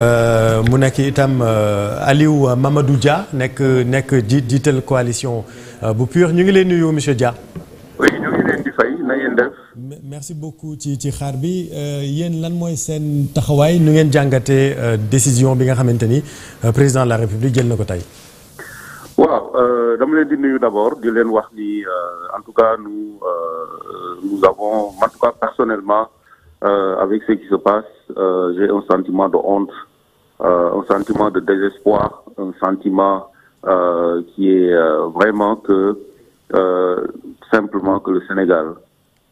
Euh, mu nekk itam euh, Aliou Mamadou ja nekk nekk ji jiital coalition euh, bu PUR ñu ngi leen nuyu monsieur Dia. oui ñu ngi leen di fay na ngeen def. merci beaucoup ci ci xaar bi yéen lan mooy seen taxawaay nu ngeen jàngatee décision bi nga xamante ni président de la république jël na ko tey. waaw dama leen di nuyu d' abord di leen wax ni en tout cas nous nous avons en tout cas personnellement avec ce qui se passe j'ai un sentiment de honte. Euh, un sentiment de désespoir, un sentiment euh, qui est euh, vraiment que simplement que le Sénégal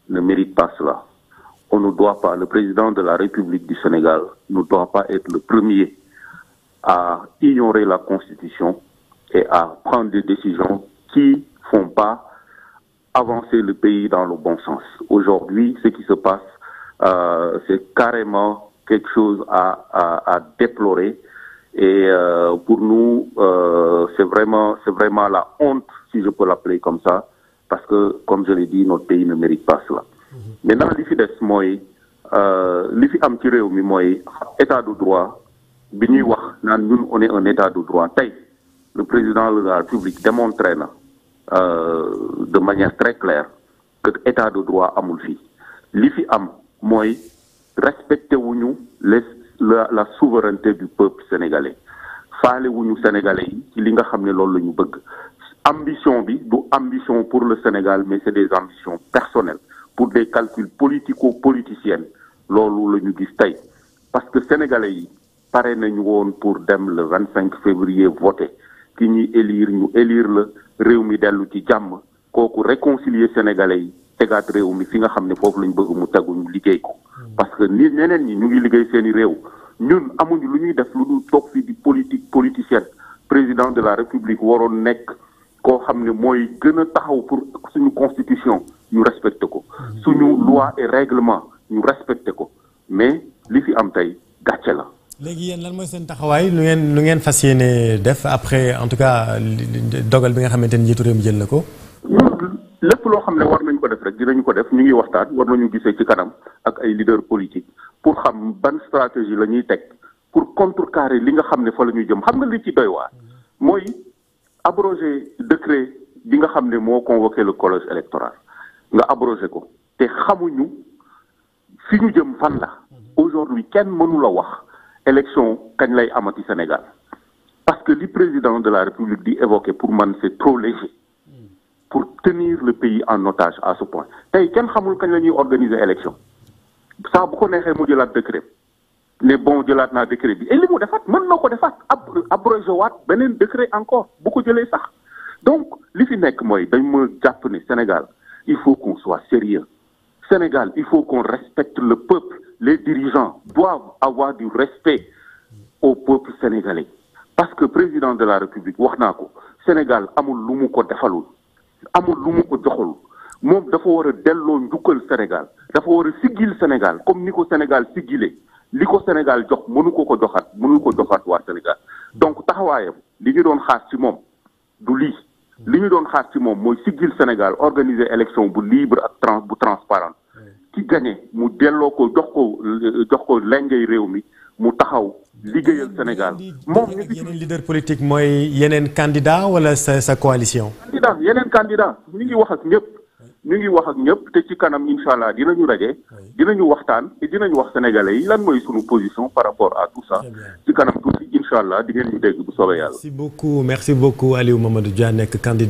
ne mérite pas cela. On ne doit pas, le président de la République du Sénégal ne doit pas être le premier à ignorer la Constitution et à prendre des décisions qui font pas avancer le pays dans le bon sens. Aujourd'hui, ce qui se passe, euh, c'est carrément quelque chose à, à, à déplorer. Et euh, pour nous, euh, c'est vraiment, la honte, si je peux l'appeler comme ça, parce que, comme je l'ai dit, notre pays ne mérite pas cela. Mhm. Maintenant li fi des mooy euh, li fi am ci réew mi mooy état de droit bi ñuy wax na ñun un état de droit tey le président de la République démontré na euh, de manière très claire que état de droit amul fii li fi am mooy. respecté wuñu les la la souveraineté du peuple sénégalais faale wuñu sénégalais yi ci li nga xam ne loolu la ñu bëgg ambition bi du ambition pour le Sénégal mais c'est des ambitions personnelles pour des calculs politico-politiciens loolu la ñu gis tey parce que sénégalais yi pare nañu woon pour dem le vingt cinq février voter ki ñuy élire ñu élire la réew mi dellu ci jàmm kooku réconcilier sénégalais yi tegaat réew mi fi nga xam ne foofu la ñu bëgg mu tegu ñu liggéey ko parce que ni ñeneen ñi ñu ngi liggéey seeni réew ñun amuñu lu ñuy def lu dul toog fii di politique politicienne président de la république waroon nekk koo xam ne mooy gën a taxaw pour suñu constitution ñu respecté ko suñu loi et règlement ñu respecté ko mais li fi am tey gàcce la. léegi yéen lan mooy seen taxawaay lu ngeen lu ngeen fas yéene def après en tout cas dogal bi nga xamante ni njiitu réew mi jël na ko. lépp loo xam ne war nañ ko def rek dinañ ko def ñu ngi waxtaan war nañu gisee ci kanam. ay leader politique pour xam ban stratégie la ñuy teg pour carré li nga xam ne fa la ñu jëm xam nga li ci doy waar mooy abroger décret bi nga xam ne moo convoqué le collège électoral nga abrogé ko te xamuñu fi ñu jëm fan la aujourd'hui kenn mënu wax élection kañ lay amati Sénégal parce que li président de la République di évoqué pour man c'est trop léger pour tenir le pays en otage à ce point tey kenn xamul kañ la organiser élection saa bu ko neexee mu jëlaat décret ne bon jëlaat naa décret bi et li mu defaat mën na ko defaat ab abrogé waat beneen décret encore bu ko jëlee sax donc li fi nekk mooy dañ ma jàpp ni Sénégal il faut qu'on soit sérieux Sénégal il faut qu'on respecte le peuple les dirigeants doivent avoir du respect au peuple sénégalais parce que président de la République wax naa ko Sénégal amul lu mu ko defalul amul lu mu ko joxalul moom dafa war a delloo njukkal Sénégal dafa war a siggil Sénégal comme ni ko Sénégal siggilee li ko Sénégal jox mënu ko ko joxaat mënu ko joxaat waa Sénégal donc taxawaayam li ñu doon xaar ci moom du lii li ñu doon xaar ci moom mooy siggil Sénégal organiser élection bu libre ak trans bu transparent ki gagné mu delloo ko jox ko euh, jox ko lengay réew mi mu taxaw liggéeyal Sénégal moom ñu yeneen politique mooy yeneen candidat wala sa sa coalition candidat yeneen candidat ñu ngi wax ak ñëpp ñu ngi wax ak ñëpp te ci kanam incha allah dinañu daje ñu waxtaan te dinañu wax sénégalais yi lan mooy sunu position par rapport à tout ça ci kanam tuuti incha allah di ngeen ñu dégg bu soobee yàlla. merci beaucoup merci beaucoup Aliou Mamadou Dia nekk candidat.